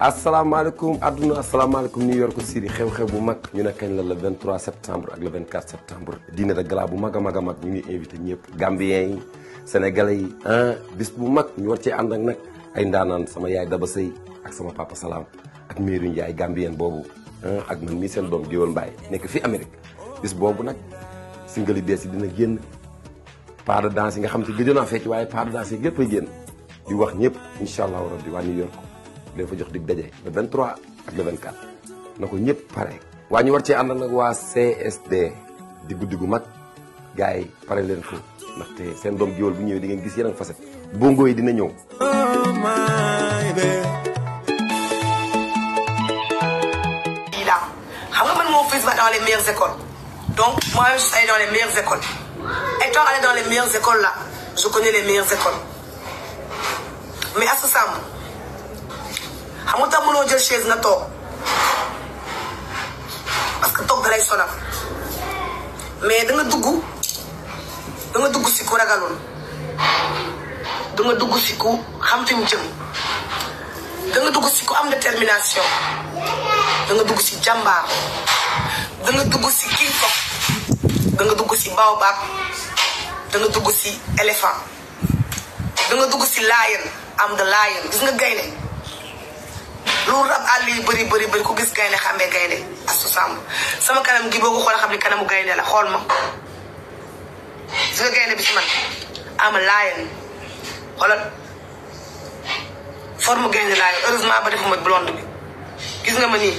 asalaamaaleykum adduna asalaamaaleykum New York City xew-xew bu mag ñu ne kañ la le septembre ak le 24 septembre dîner de gala bu mag a mag a mag ñu ngi invité ñëpp Gambien sénégalais yi bis bu mag ñu war cee ànd ak nag ay ndaanaan sama yaay Daba Sëy ak sama papa Salaam ak Meeru Njaay Gambien boobu ak man mii seen doom Géwal Mbaay nekk fi Amérique bis boobu nag single yu bees yi dina génn pas de danse nga xam si gëjoon naa waaye pas de danse yi génn di wax ñëpp incha allahu rabbi waa New York leen fa jox dig daje le 23 ak le 24 na ko ñëpp pare waa ñu war cee àndal nag waa CSD di guddi gu mag gars yi pare leen ko ndaxte sen doom géwél bu ñëwee di ngeen gis yeneen facette bongo yi dina ñëw. xam nga man mon fils va dans les meilleures écoles donc moi je suis allée dans les meilleures écoles étant allée dans les meilleures écoles là je connais les meilleures écoles mais Astou Samb xam nga tax mënoo jël chaise nga toog parce que toog da lay mais da nga dugg. da nga dugg si ku ragaloon da nga dugg si ku xam fi mu jëm da nga dugg si ku am détermination da nga dugg si jàmbar da nga dugg si king kong da nga dugg si baobab da nga dugg si éléphant da nga dugg si lion am the lion gis nga gaynde loolu rab àll yi bëri bëri bëri ku gis gaynde xàmmee gaynde asu sàmm sama kanam gi boo ko xool xam ni kanamu gaynde la xool ma gis nga gaynde bi si ama laayan xoolal forme gaynde laayan heureusement ba defuma blonde gis nga ma nii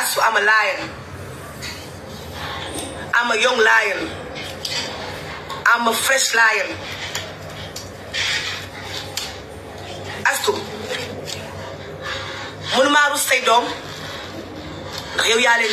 asu ama laayan ama yong laayan ama fresh laayan astu mënumaa rus say doom ndax yow yaa leen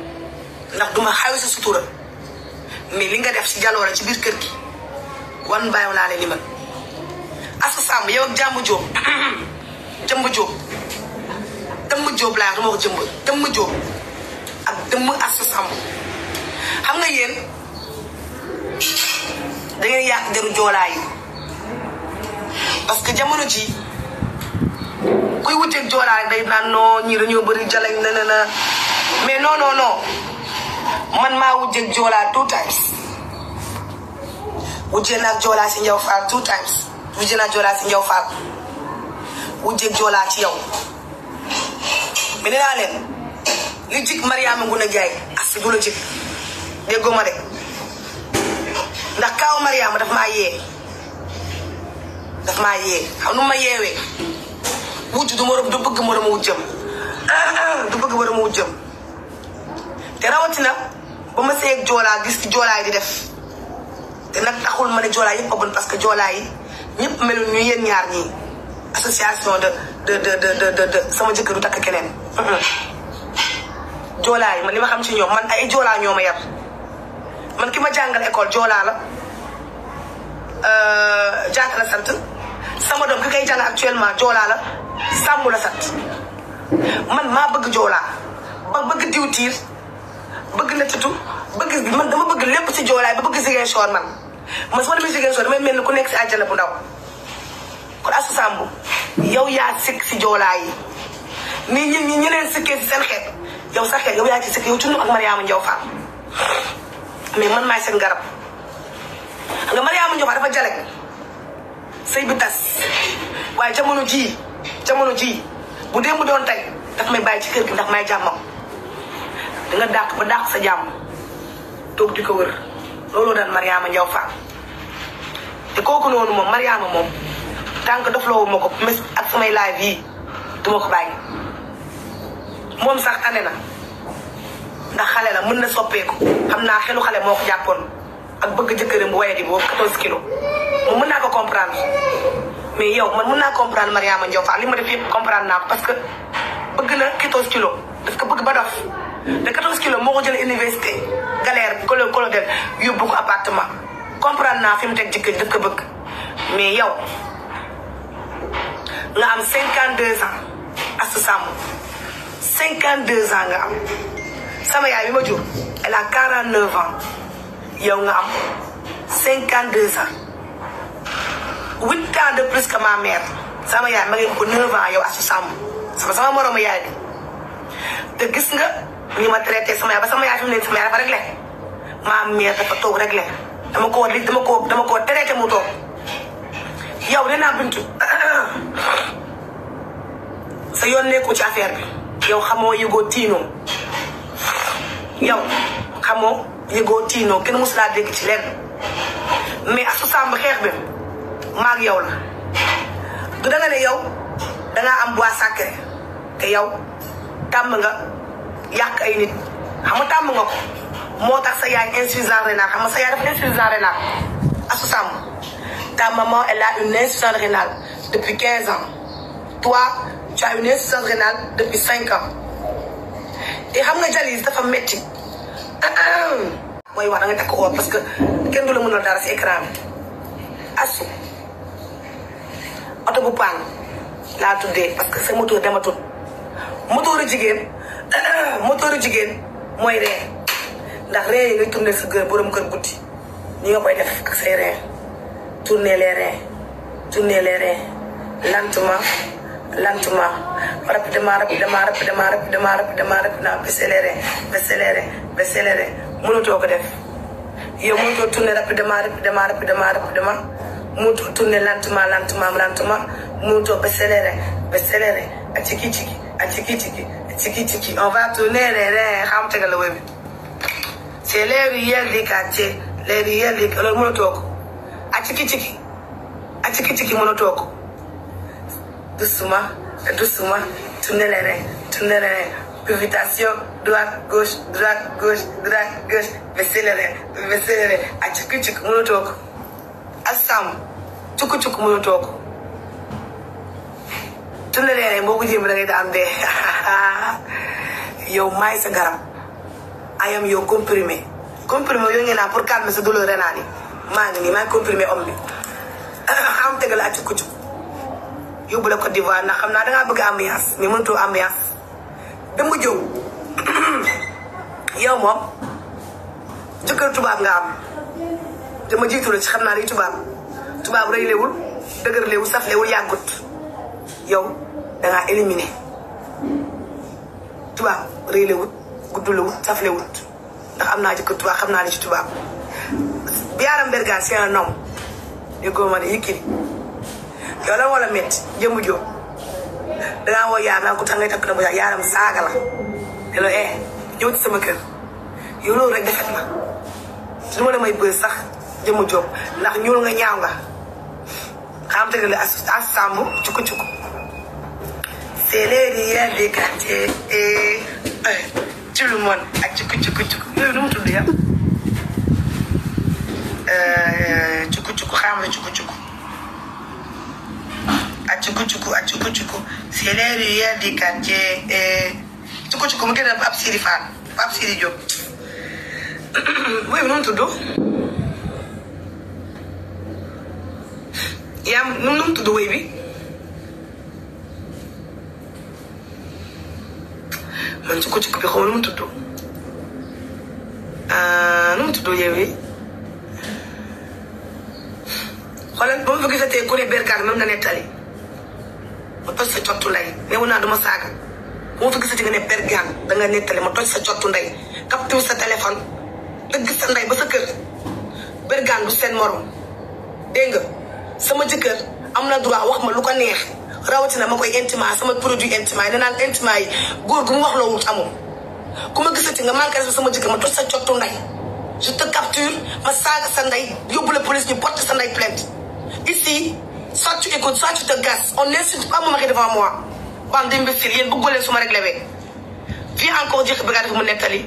ndax duma xawe sa sutura mais li nga def ci jaloore ci biir kër gi wan bàyyi laa leen li man yow ak jàmm jóob jëmb jóob dëmm jóob laa dama wax jëmb dëmm ak dëmm Astou Samb xam nga yéen da ngeen yàq deru joolaa yi parce que jamono ji kuy wuteeg joolaa rek day naan non ñii dañoo bëri jalañ na na na mais non non non man maa wujjeeg Joola two times wujjee naa ak si Njaw Faal two times wujjee naa Joola si Njaw Faal wujjeeg Joola ci yow mi ne naa leen jik déggoo ma de ndax kaaw Mariama daf maa yee daf maa yee xam ma yeewee wujj du moroom du bëgg moroom wujjam du bëgg moroom wujjam te rawatina ba ma seeg joolaa gis joolaay di def te nag taxul ma ne joolaa yëpp a parce que joolaa ñëpp melul ñu yéen ñaar ñii association de de de de de sama jëkkër du keneen. joolaa yi man li ma xam ci ñoom man ay joolaa ñoo ma man ki ma jàngal école joolaa la euh, jaata la sant sama doom ki koy actuellement joolaa la sàmm la sant man maa bëgg joolaa ba bëgg diwtiir. bëgg na tutu bëgg man dama bëgg lépp si joolaay ba bëgg Ziguinchor man man su ma demee Ziguinchor mel ni ku nekk si àjjana bu ndaw kon yow yaa sikk si joolaay yi nii ñun ñeneen sikkee si seen xeet yow sa xeet yow yaa ci sikk yow Thioune ak Mariama Ndiaye Fall mais man maay seen garab nga Mariama Ndiaye Fall dafa jale sëy bi tas waaye jamono jii jamono jii bu démb doon tey daf may bàyyi ci kër ndax may jàmmam da nga dàq ba dàq sa jàmm toog di ko wër looloo daan Mariama Ndiaw Fall te kooku noonu moom Mariama moom tànk dofloowu ma ko mes ak samay live yii duma ko bàyyi moom sax tane na ndax xale la mën na soppeeku xam naa xelu xale moo ko jàppoon ak bëgg jëkkëram bu waye di boobu 14 kilos moom mën naa ko comprendre mais yow man mun naa comprendre Mariama Ndiaw Fall li ma def yëpp comprendre naa parce que bëgg na 14 kilos daf ko bëgg de 14 kilos moo ko université galère colo colodel yóbbu ko appartement comprendre d'appartements fi mu teg jëkkër que mais yow nga 52 ans ce 52 ans nga ça ma elle a 49 ans yow nga 52 ans 8 ans de plus que ma mère sama yaay ma ko 9 ans yow ça sama sama a 9 ans. nga. ñu ma traité sama yaay ba sama yaay fi mu ne sama yaay dafa réglé maam toog réglé dama koo dama koo dama koo traité mu toog yow nee naa bintu sa yoon nekkul ci affaire bi yow xamoo yëgoo tiinoo yow xamoo yëgoo tiinoo kenn mosu laa ci lenn mais Astou Samb xeex bi maag yow la du da ne yow dangaa am bois sacré te yow tàmm nga yàq ay nit xam nga tàmm nga ko moo tax sa yaay insuffisance rénale xam sa yaay dafa insuffisance rénale Astou Samb ta maman elle a une insuffisance rénale depuis 15 depuis cinq ans te xam nga dialyse dafa metti mooy wax da nga takk oor parce que kenn du la mën a dara si écran bi oto bu paan laa tuddee parce que sa moteur dama tut moteur jigéen moteur jigéen mooy ree ndax ree yi ngay tourné sa kër borom kër ni nga koy def ak say ree tourner les reins tourner les reins lentement lentement rapidement rapidement rapidement rapidement rapidement rapidement baisser les reins baisser les reins baisser les reins def yow mënatoo tourner rapidement rapidement rapidement rapidement mënatoo tourner lentement lentement lentement mënatoo baisser les reins baisser les reins ak ciki ciki ak ciki ciki tiki tiki, on va tourner les reins, le web. C'est les riels des quartiers, les riels des le monotoko. A tiki tiki, a tiki tiki monotoko. Doucement, doucement, tourner les reins, tourner les reins. Pivotation, droite, gauche, droite, gauche, droite, gauche, baisser les reins, baisser les reins. A tiki tiki monotoko. Assam, tuku tuku su la leeree boo ko jéem da ngay daan yow maay sa garab ayam yow comprimé comprimé yooyu ngeen naan pour calmer sa douleur rénale yi maa ngi nii maa ngi comprimé om bi am tëgg la ci kuccu yóbbu la Côte d'Ivoire ndax xam naa dangaa bëgg ambiance mais mënutoo ambiance dama jëw yow moom jëkkër tubaab nga am dama jiitu la ci xam naa ni tubaab tubaab rëy léwul dëgër léwul saf léwul yàggut yow dangaa éliminé tubaab réelé wut guddule wut safle ndax am naa jëkkër tubaab xam naa ne tubaab Biaram Bergane c'est un homme déggoo ma ne Yékini yow yaaram saaga la te loolu eh ñëw ci sama kër yow loolu sax jëmbu joo ndax ñuul nga ñaaw nga xam te ne la as as sàmb téléria des quartiers ci lu mon ak ci cuku cuku yooyu nu mu tudd ya cuku cuku xaam la cuku cuku ak cuku cuku ak cuku cuku téléria des quartiers cuku mu gën a ab siri fan ab siri jóg yooyu nu mu tudd yaa nu mu tudd wéy bi manti ko kikupika oli ah, mutudo nomutudo yewe xoolal ba ma fa gisatee ku ne bergaan même na nettali ma toj sa cottu ndey neewu naa duma saaga bu ma fa gisati nga ne bergaan da nga nettali ma toj sa cottu ndey capture sa téléphone dëgg sa ndey ba sa kër bergaan du seen morom dégg sama jëkkër am droit wax ma lu ko neex rawatina ma koy intima sama produit intima yi ne naan intima yi góor gu mu wax loowul amul ku ma gisati nga manqué respect sama jëkkër ma toj sa cottu ndey je te capture ma saaga sa ndey yóbbu la police ñu porte sa ndey plainte ici soit tu écoutes soit tu te gasses on n'insulte pas mon mari devant moi bande d'imbéciles yéen bëggoo leen su ma réglé fii viens encore jëkk bi nga def mu nettali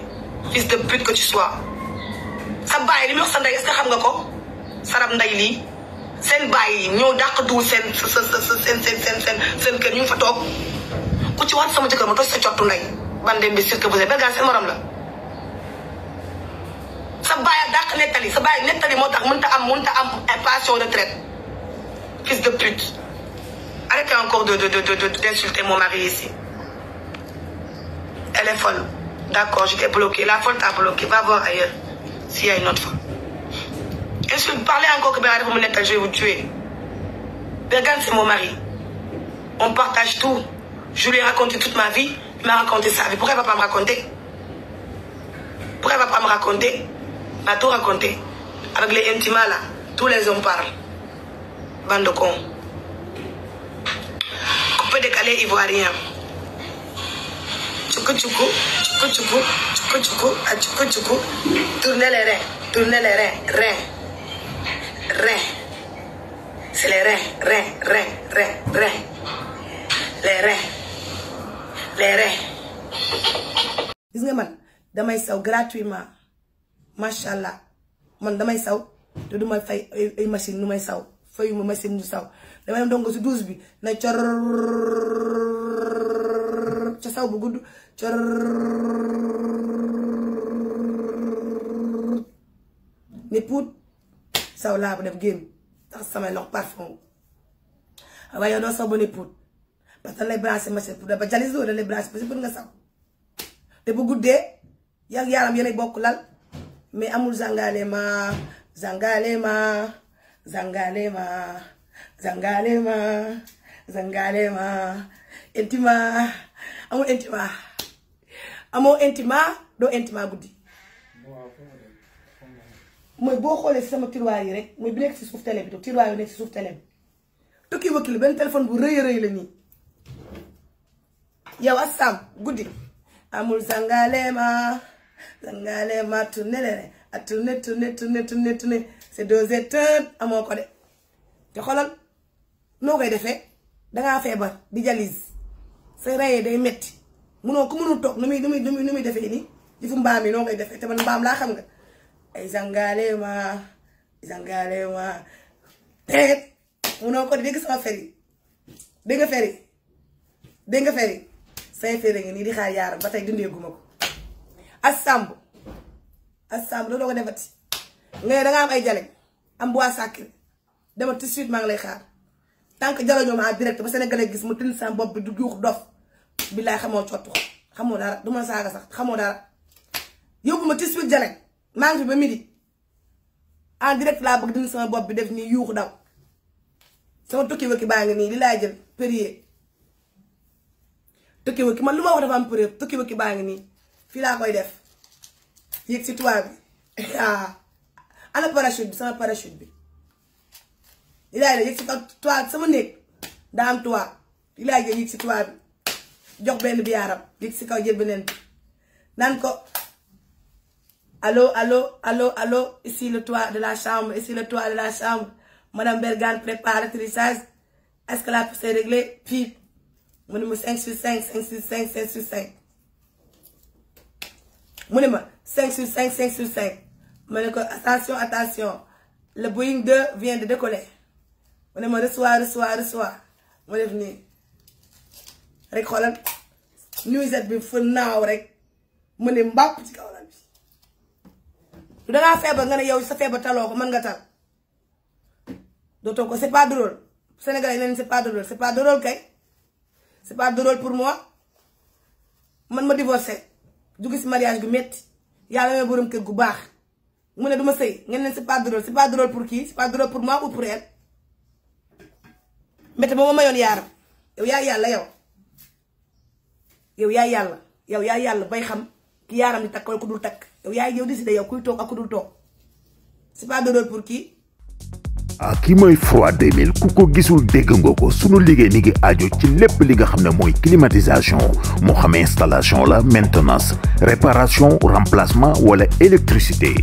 fils de pute que sa bàyyi li muy wax sa ndey est-ce xam nga ko sarab nday lii c'est le c'est c'est sen c'est sen sen fils de pute arrêtez encore de de de d'insulter mon mari ici elle est folle d'accord t'ai bloqué. la folle t'a bloqué. va voir ailleurs s'il y a une autre femme que je parlais encore que Bernard va me je vais vous tuer. Regarde, c'est mon mari. On partage tout. Je lui ai raconté toute ma vie. Il m'a raconté sa vie. Pourquoi il ne va pas me raconter Pourquoi il ne va pas me raconter Il m'a tout raconté. Avec les intimes là, tous les hommes parlent. Bande de cons. Coupé décalé ivoirien. Tchoukou tchoukou, tchoukou tchoukou, tchoukou tchoukou, tchoukou tchoukou. Tournez les reins, tournez les reins, reins. reins. C'est les reins, reins, reins, reins, reins. Les reins. les reins. gis nga man damay saw gratuitement macha allah man damay saw te du ma fay ay machine nu may saw fayu ma machine ñu saw damay am dongo si douze bi na cor ca saw bu gudd cor ne puut saw laa ko def génn tax samay loxo parfum waaye yow doo saw ba ne puut parce que dañ lay branché machine ba jalis doo dañ lay branché machine pour nga saw te bu guddee yaa yaram yéenay bokk lal mais amul zangalema zangalema zangalema zangalema zangalema intima amul intima doo intima guddi mooy boo xoolee si sama tiroir yi rek mooy bi nekk si suuf télé bi tiroir yi nekk si suuf télé bi tukki wëkkil benn téléphone bu rëy rëy la nii yow assam guddi amul zangalema zangalema tourné leen ak tourné tourné tourné tourné tourné c'est deux heures amoo ko de te xoolal noo koy defee dangaa feebar di jalis sa reye day metti munoo ko mënul toog nu muy nu muy nu muy defee nii jifu mbaam yi noo koy defee te man mbaam laa xam nga Izangalema, Izangalema. Pet, unaoko dégg sama fer yi dégg nga fer yi dégg nga fer yi say fer nga nii di xaar yaaram ba tey dundee guma ko asamb asamb loolu ko defati nga ne da nga am ay jaleñ am bois sacré dama tout de suite maa ngi lay xaar tant que jaloñoo ma en direct ba Sénégalais gis mu tënk sama bopp bi du juux dof billaay xamoo cottu xamoo dara du ma saaga sax xamoo dara yóbbu ma tout de suite jaleñ maa ngi fi ba midi en direct laa bëgg dina sama bopp bi def nii yuuxu daw sama tukki wëkki baa ngi nii li laa jël périer tukki wëkki man lu ma wax dafa am ngi nii fii laa koy def yéeg si toit bi ah. ana parachute bi sama parachute bi li laa jël yéeg si toit sama néeg daa am toit li bi jox benn bi yaaram yéeg si kaw jël beneen bi naan ko Allô, allô, allô, allô, ici le toit de la chambre, ici le toit de la chambre. Madame Bergane prépare l'atterrissage. Est-ce que la poussée est réglée? Puis, mon numéro 5 sur 5, 5 sur 5, 5 sur 5. Mon numéro 5 sur 5, 5 sur 5. Mon attention, attention. Le Boeing 2 vient de décoller. Mon numéro reçoit, reçoit, reçoit. Mon venu. Rek Nous, nuisette bi venus pour rek Mon ne mbàpp ci du da nga febe nga ne yow sa febe talo ko man nga tal doto ko c'est pas drôle sénégalais len c'est pas drôle c'est pas drôle kay c'est pas drôle pour moi man ma divorcer dugg ci mariage gu metti yalla may borom kër gu bax mu ne duma sey ngén len c'est pas drôle c'est pas drôle pour qui c'est pas drôle pour moi ou pour elle metti moma mayon yar yow ya yalla yow yow ya yalla yow ya yalla bay xam ki yaram ni ko dul yow yaay yow décidé yow kuy toog ak ku dul c'est pas de pour qui. ah kii froid 2000 kuko gisul deg nga ko sunu liggéey ni ngi aju ci lepp li nga xamne moy climatisation mo xamé installation la maintenance réparation remplacement wala électricité.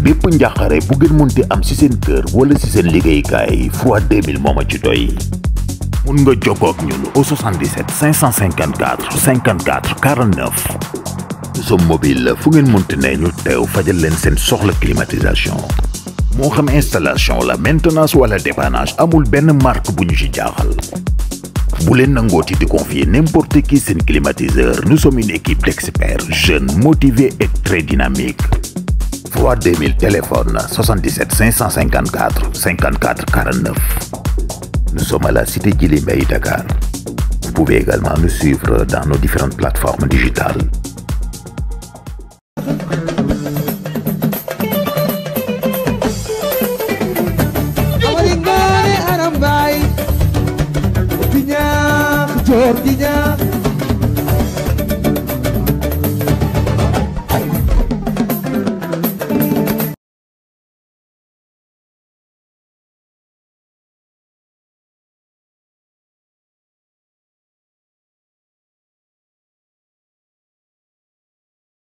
bépp njàqare bu ngeen munti am ci sen cœur wala ci seen kay froid 2000 moma ci toy mun nga jokkoo ak ñun au 77 554 54 49. Nous mobile mobiles, ngeen munti ne ñu teew fajal sur la soxla climatisation avons installation la maintenance wala dépannage amul une marque bu ñu ci bu confier n'importe qui climatiseur nous sommes une équipe d'experts jeunes motivés et très dynamiques 3 2000 téléphone 77 554 54 49 nous sommes à la cité Djily Dakar vous pouvez également nous suivre dans nos différentes plateformes digitales